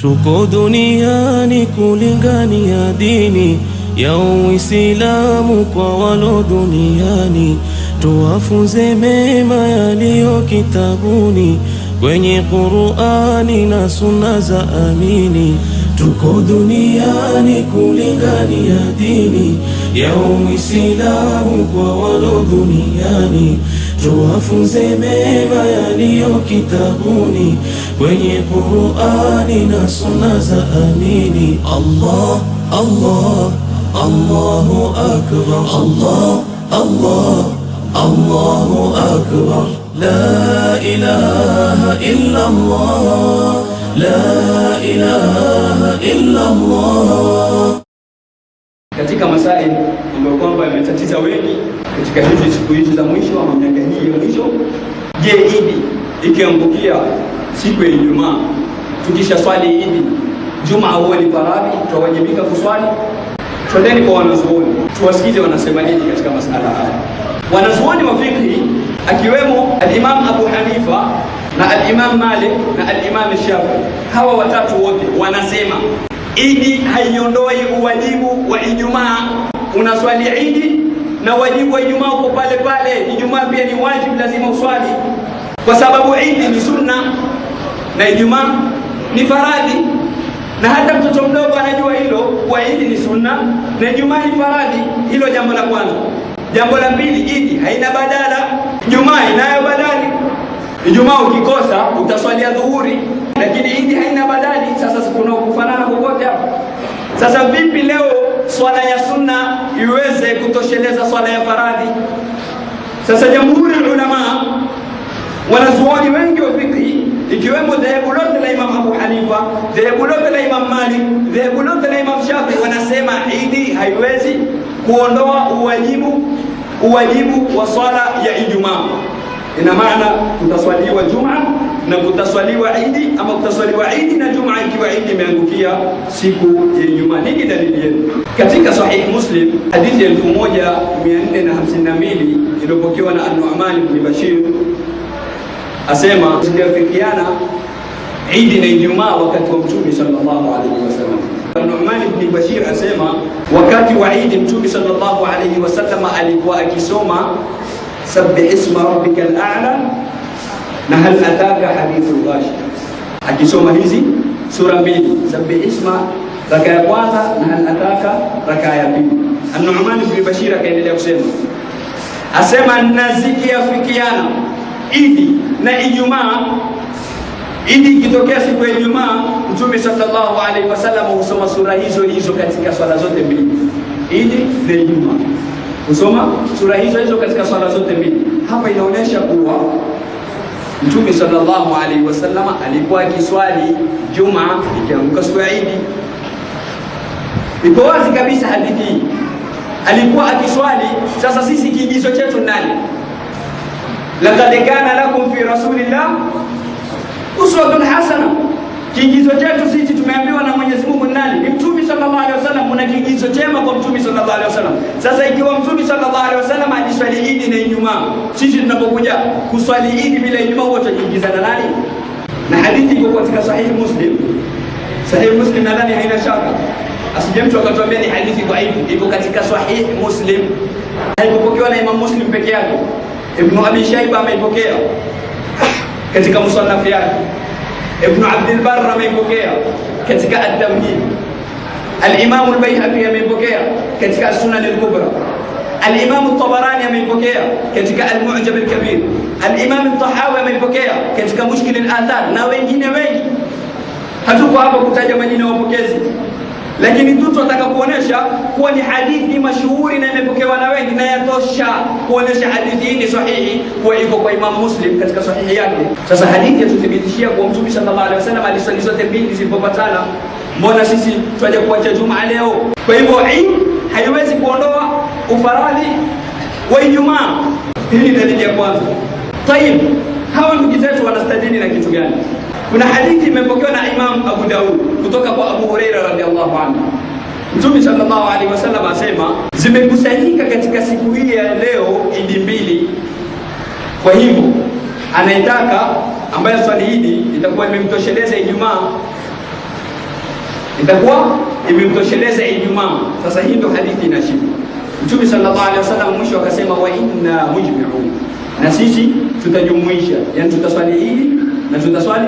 Tuko duniani kulingania dini ya Uislamu kwa walo duniani, tuwafunze mema yaliyo kitabuni kwenye Qur'ani na sunna za amini. Tuko duniani kulingania dini ya Uislamu kwa walo duniani tuwafunze mema yaliyo kitabuni kwenye Qur'ani na sunna za amini. Allah, Allah, Allahu akbar, Allah, Allah, Allahu akbar, la ilaha illa Allah, la ilaha illa Allah. Katika masail kwamba imetatiza wengi katika hizi siku hizi za mwisho ama miaka hii ya mwisho. Je, idi ikiangukia siku ya Ijumaa, tukisha swali idi Jumaa huwa ni faradhi, twawajibika kuswali? Twendeni kwa wanazuoni tuwasikize wanasema nini katika masala haya. Wanazuoni wa fikhi akiwemo al-Imam Abu Hanifa na al-Imam Malik na al-Imam Shafi, hawa watatu wote wanasema idi haiondoi uwajibu wa Ijumaa unaswali Idi na wajibu wa Ijumaa uko pale pale. Ijumaa pia ni wajibu, lazima uswali, kwa sababu Idi ni sunna na Ijumaa ni faradhi, na hata mtoto mdogo anajua hilo kwa Idi ni sunna na Ijumaa ni faradhi. Hilo jambo la kwanza. Jambo la pili, Idi haina badala, Ijumaa inayo badali. Ijumaa ukikosa utaswalia dhuhuri, lakini Idi haina badali. Sasa sikuna kufanana kokote hapo. Sasa vipi leo swala ya sunna iweze kutosheleza swala ya faradhi. Sasa jamhuri ya ulama, wanazuoni wengi wa fikhi, ikiwemo dhehebu lote la Imam Abu Hanifa, dhehebu lote la Imam Malik, dhehebu lote la Imam Shafi, wanasema idi haiwezi kuondoa uwajibu uwajibu wa swala ya Ijumaa. Ina maana kutaswaliwa Juma na kutaswaliwa Idi ama kutaswaliwa Idi na Juma ikiwa Idi imeangukia siku ya Ijumaa. Nini dalili yetu? Katika Sahih Muslim hadithi ya 1452 iliyopokewa na An-Nu'man Bashir asema ziliafikiana Idi na Ijumaa wakati wa Mtume sallallahu alaihi wasallam. Nu'man ibn Bashir asema wakati wa Idi Mtume sallallahu alaihi wasallam alikuwa akisoma sabbih isma rabbika al-a'la na hal ataka hadithu ghashiya. Akisoma hizi sura mbili, sabbih isma raka ya kwanza na hal ataka raka ya pili. An-Nu'man ibn Bashir akaendelea kusema asema naziki afikiana Idi na Ijumaa. Idi ikitokea siku ya Ijumaa, Mtume sallallahu alaihi wasallam husoma sura hizo hizo katika swala zote mbili, Idi na Ijumaa kusoma sura hizo hizo katika swala zote mbili. Hapa inaonyesha kuwa Mtume sallallahu alaihi wasallam alikuwa akiswali Juma ikianguka siku ya Idi. Iko wazi kabisa hadithi hii, alikuwa akiswali. Sasa sisi kiigizo chetu nani? Laqad kana lakum fi rasulillah uswatun hasana, kiigizo chetu sisi tumeambiwa na Mwenyezi Mungu nani? Ni Mtume sallallahu alaihi wasallam. Kuna kiigizo chema kwa Mtume sallallahu alaihi wasallam. Sasa ikiwa Mtume sallallahu alaihi wasallam ajiswali Idi na Ijumaa, sisi tunapokuja kuswali Idi bila Ijumaa, huwa tutajiigiza na nani? Na hadithi iko katika sahihi Muslim, sahihi Muslim nadhani haina shaka, asije mtu akatuambia ni hadithi dhaifu. Iko katika sahihi Muslim, haipokewa na Imam Muslim peke yake. Ibn Abi Shayba ameipokea katika musannaf yake. Ibn Abdul Barr ameipokea كتكا التوحيد الامام البيهقي من بوكير كتكا السنن الكبرى الامام الطبراني من بوكير كتكا المعجب الكبير الامام الطحاوي من بوكير كتكا مشكل الاثار نا وين وين هذو بابا كنت اجا وبوكيزي lakini tu tunataka kuonesha kuwa ni hadithi mashuhuri na imepokewa na wengi, na yatosha kuonesha hadithi hii ni sahihi, kuwa iko kwa Imamu Muslim katika sahihi yake. Sasa hadithi yatuthibitishia kuwa Mtume sallallahu alaihi wasallam alisali zote mbili zilipopatana. Mbona sisi twaja kuacha Jumaa leo? Kwa hivyo hii haiwezi kuondoa ufaradhi wa Ijumaa. Hii ni dalili ya kwanza. Tayib, hawa ndugu zetu wanastadili na kitu gani? Kuna hadithi imepokewa na Imam Abu Daud kutoka kwa Abu Huraira radhiallahu anhu. Mtume sallallahu alaihi wasallam asema, zimekusanyika katika siku hii ya leo idi mbili. Kwa hivyo anayetaka, ambaye swali hili itakuwa imemtosheleza Ijumaa, itakuwa imemtosheleza Ijumaa. Sasa hii ndo hadithi inashika Mtume sallallahu alaihi wasallam mwisho akasema, wa inna mujmi'un, na sisi tutajumuisha, yani tutaswali hili na tutaswali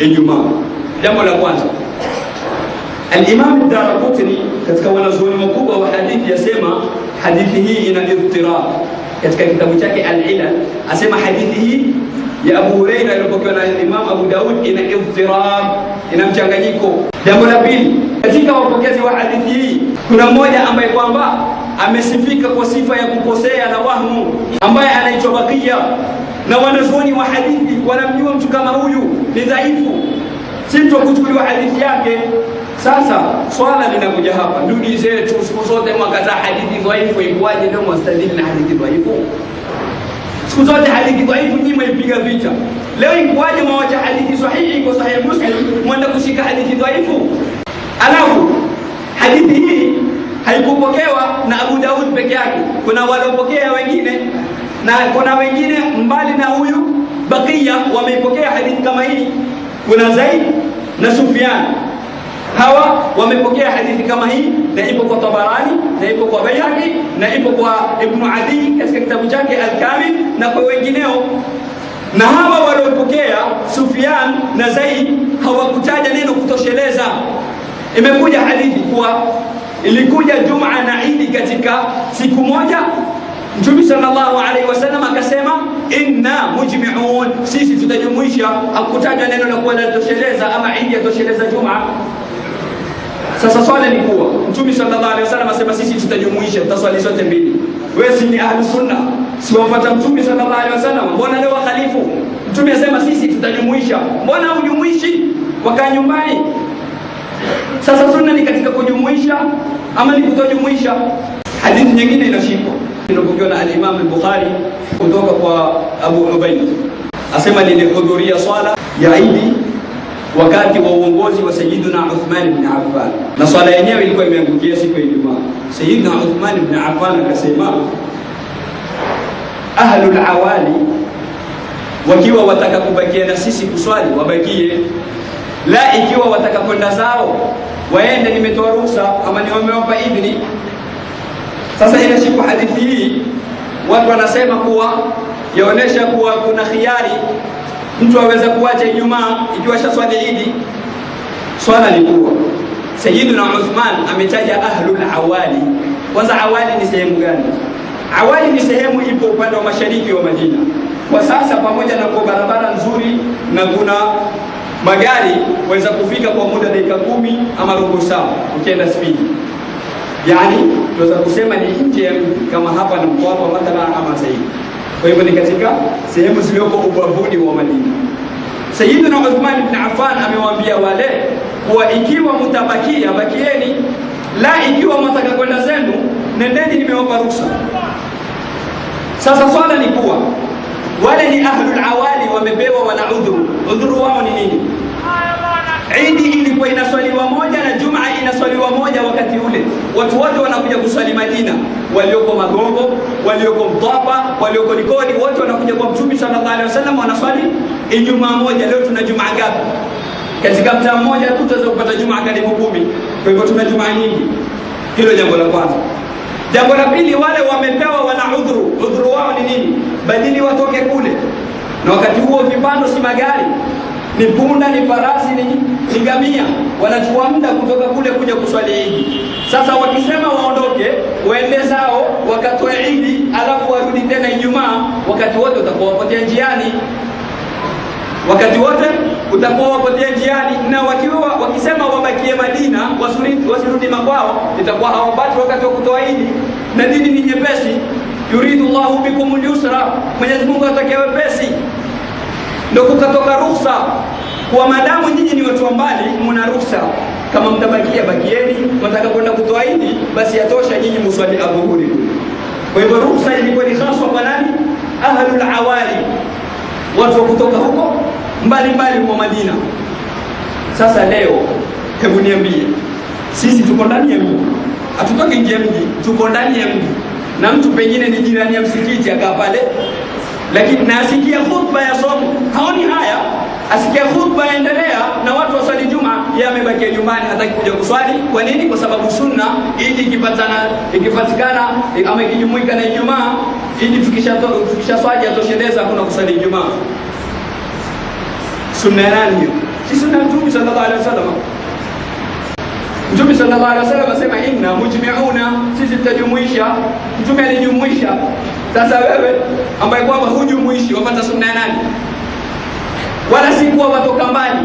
Ijumaa. Jambo la kwanza, Al-Imam Ad-Darqutni katika wanazuoni wakubwa wa hadithi yasema hadithi hii ina idhtirab. Katika kitabu chake al asema hadithi hii ya Abu Huraira iliyopokewa na Imam Abu Daud ina idhtirab, ina mchanganyiko. Jambo la pili, katika wapokezi wa hadithi hii kuna mmoja ambaye kwamba amesifika kwa sifa ya kukosea na wahmu, ambaye anaitwa Baqiya na wanazuoni wa hadithi wanamjua mtu kama huyu ni dhaifu, si mtu kuchukuliwa hadithi yake. Sasa swala linakuja hapa, ndugu zetu siku zote mwakataa hadithi dhaifu, ikuwaje ndio mwastadili na hadithi dhaifu? Siku zote hadithi dhaifu nyinyi mwaipiga vita. Leo ikuwaje mwawacha hadithi sahihi kwa sahihi Muslim, mwenda kushika hadithi dhaifu? Alafu hadithi hii haikupokewa na Abu Daud peke yake, kuna waliopokea na kuna wengine mbali na huyu Bakia wameipokea hadithi kama hii. Kuna Zaid na Sufyan, hawa wamepokea hadithi kama hii, na ipo kwa Tabarani na ipo kwa Baihaqi na ipo kwa Ibnu Adi katika kitabu chake Al-Kamil na kwa wengineo. Na hawa waliopokea Sufyan na Zaid hawakutaja neno kutosheleza. Imekuja hadithi kuwa ilikuja Juma na Idi katika siku moja Mtume sallallahu alaihi wasallam akasema, inna mujmiun, sisi tutajumuisha. Akutaja neno la kuwa linatosheleza ama idi yatosheleza Juma. Sasa swali ni kuwa Mtume sallallahu alaihi wasallam asema sisi tutajumuisha, tutaswali zote mbili. Wewe si ni ahlu sunna, si wafuata Mtume sallallahu alaihi wasallam, mbona leo wakhalifu? Mtume asema sisi tutajumuisha, mbona hujumuishi? Wakaa nyumbani. Sasa sunna ni katika kujumuisha ama ni kutojumuisha? Hadithi nyingine inashikwa nilipokiwa na Alimamu Bukhari kutoka kwa Abu Ubaid asema, nilihudhuria swala ya Idi wakati wa uongozi wa Sayyidina Uthman ibn Affan, na swala yenyewe ilikuwa imeangukia siku ya Ijumaa. Sayyidina Uthman ibn Affan akasema, ahlul awali wakiwa wataka kubakia na sisi kuswali wabakie, la ikiwa wataka kwenda zao waende, nimetoa ruhusa ama nimewapa idhini sasa ile siku hadithi hii watu wanasema kuwa yaonesha kuwa kuna khiari, mtu aweza kuacha Ijumaa ikiwa shaswali Idi, swala likuwa. Sayyiduna Uthman ametaja ahlul awali. Kwanza awali ni sehemu gani? Awali ni sehemu ipo upande wa mashariki wa Madina kwa sasa, pamoja na kwa barabara nzuri na kuna magari waweza kufika kwa muda dakika kumi ama robo saa ukienda spidi yaani tunaweza kusema ni nje kama hapa na Mtwapa mathala ama zaidi. Kwa hivyo ni katika sehemu zilizoko ubavuni wa Madina. Sayyidina Uthman ibn Affan amewaambia wale kuwa ikiwa mutabakia bakieni, la ikiwa mtaka kwenda zenu nendeni, nimewapa ruhusa. Sasa swala ni kuwa wale ni ahlul awali wamepewa, wana udhuru. Udhuru wao ni nini? Idi ilikuwa inaswali kuswaliwa moja wakati ule, watu wote wanakuja kuswali Madina, walioko Magongo, walioko mtapa walioko Likoni, wote wanakuja kwa Mtume sallallahu alaihi wasallam, wanaswali Ijumaa moja. Leo tuna Jumaa ngapi? Katika mtaa mmoja tu kupata Jumaa karibu kumi. Kwa hivyo tuna Jumaa nyingi. Hilo jambo la kwanza. Jambo la pili, wale wamepewa wana udhuru. Udhuru wao ni nini? Badili watoke kule, na wakati huo vipando si magari ni punda, ni farasi, ni, ni ngamia. Wanachukua muda kutoka kule kuja kuswali Idi. Sasa wakisema waondoke waende zao wakatoe Idi alafu warudi tena Ijumaa, wakati wote utakuwa wapotea njiani, wakati wote utakuwa wapotea njiani. Na wakiwa wakisema wabakie Madina wasirudi makwao, itakuwa hawapati wakati wa kutoa Idi, na dini ni nyepesi. Yuridu Allahu bikumul yusra, Mwenyezi Mungu wepesi ndio kukatoka ruhusa kwa madamu nyinyi ni watu mbali, muna ruhusa kama mtabakia bakieni, mtaka kwenda kutoa basi yatosha, nyinyi muswali adhuhuri. Kwa hivyo ruhusa ilikuwa ni haswa kwa nani? Ahlul awali, watu wa kutoka huko mbali mbali kwa Madina. Sasa leo, hebu niambie, sisi tuko ndani ya mji, hatutoki nje mji, tuko ndani ya mji, na mtu pengine ni jirani ya msikiti akaa pale lakini nasikia khutba ya somo haoni haya, asikia khutba yaendelea na watu waswali juma, yeye amebakia nyumbani, hataki kuja kuswali. Kwa nini? Kwa sababu sunna ili ikipatana, ikipatikana ama ikijumuika na Ijumaa, ili tukisha swaji atosheleza, kuna kuswali Ijumaa. Sunna ya nani hiyo? Si sunna ya mtumi sallallahu alaihi wasallam. Mtume sallallahu alaihi wasallam asema inna mujmiuna, sisi tutajumuisha. Mtume alijumuisha. Sasa wewe ambaye kwamba hujumuishi wapata sunna ya nani? Wala si kuwa watoka mbali.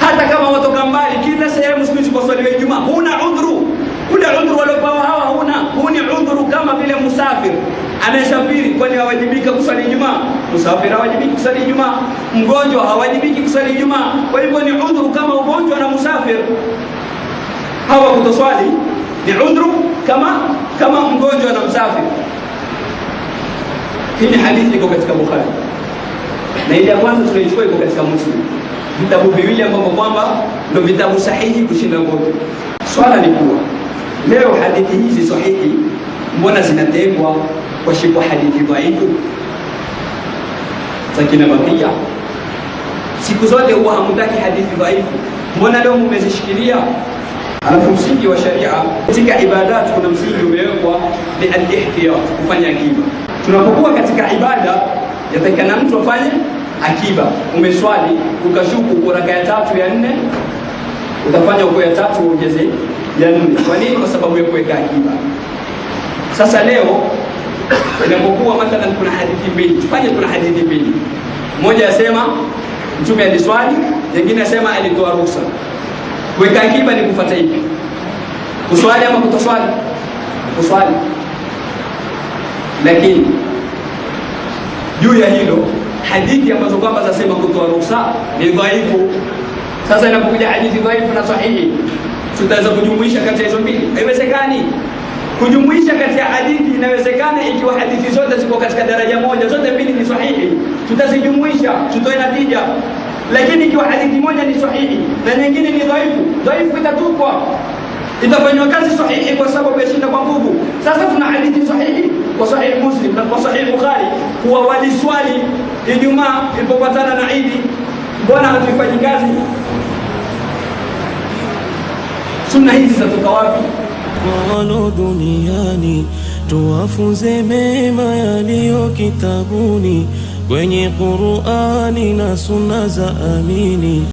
Hata kama watoka mbali, kila sehemu siku hizi kwa swali ya Ijumaa huna udhuru. Ule udhuru waliopewa hawa huna, huni udhuru kama vile musafiri anayesafiri. Kwani hawajibika kusali Ijumaa? Musafiri hawajibiki kusali Ijumaa, mgonjwa hawajibiki kusali Ijumaa. Kwa hivyo ni udhuru kama ugonjwa na musafiri hawa kutoswali ni udhuru kama kama mgonjwa na msafi Hii hadithi iko katika Bukhari na ile ya kwanza tunaichukua iko katika Muslim, vitabu viwili ambavyo kwamba ndio vitabu sahihi kushinda vyote. Swala ni kuwa leo hadithi hizi sahihi mbona zinategwa kwa shiko hadithi dhaifu za Bakia? Siku zote huwa hamtaki hadithi dhaifu, mbona leo mmezishikilia? Alafu msingi wa sharia katika ibadat, kuna msingi umewekwa ni al-ihtiyat, kufanya akiba. Tunapokuwa katika ibada, yatakana mtu afanye akiba. Umeswali ukashuku raka ya tatu ya nne, utafanya uko ya tatu uongeze ya nne. Kwa nini? Kwa sababu ya kuweka akiba. Sasa leo inapokuwa mathalan, kuna hadithi mbili, tufanye kuna hadithi mbili, moja yasema mtume aliswali, nyingine yasema alitoa ruhusa Weka akiba ni kufuata hivi Kuswali ama kutoswali? Kuswali. Lakini juu ya hilo hadithi ambazo kwamba zasema kutoa ruhusa ni dhaifu. Sasa inapokuja hadithi dhaifu na sahihi, tutaweza kujumuisha kati ya hizo mbili? Haiwezekani kujumuisha kati ya hadithi. Inawezekana ikiwa hadithi zote ziko katika daraja moja, zote mbili ni sahihi, tutazijumuisha tutoe natija lakini ikiwa hadithi moja ni sahihi na nyingine ni dhaifu, dhaifu itatupwa, itafanywa kazi sahihi kwa sababu yashinda kwa nguvu. Sasa tuna hadithi sahihi kwa sahihi Muslim na kwa sahihi Bukhari kuwa waliswali Ijumaa ilipopatana na Idi, mbona hatuifanyi kazi? Sunna hizi zitatoka wapi? walo duniani tuwafunze mema yaliyo kitabuni kwenye Qur'ani na sunna za amini.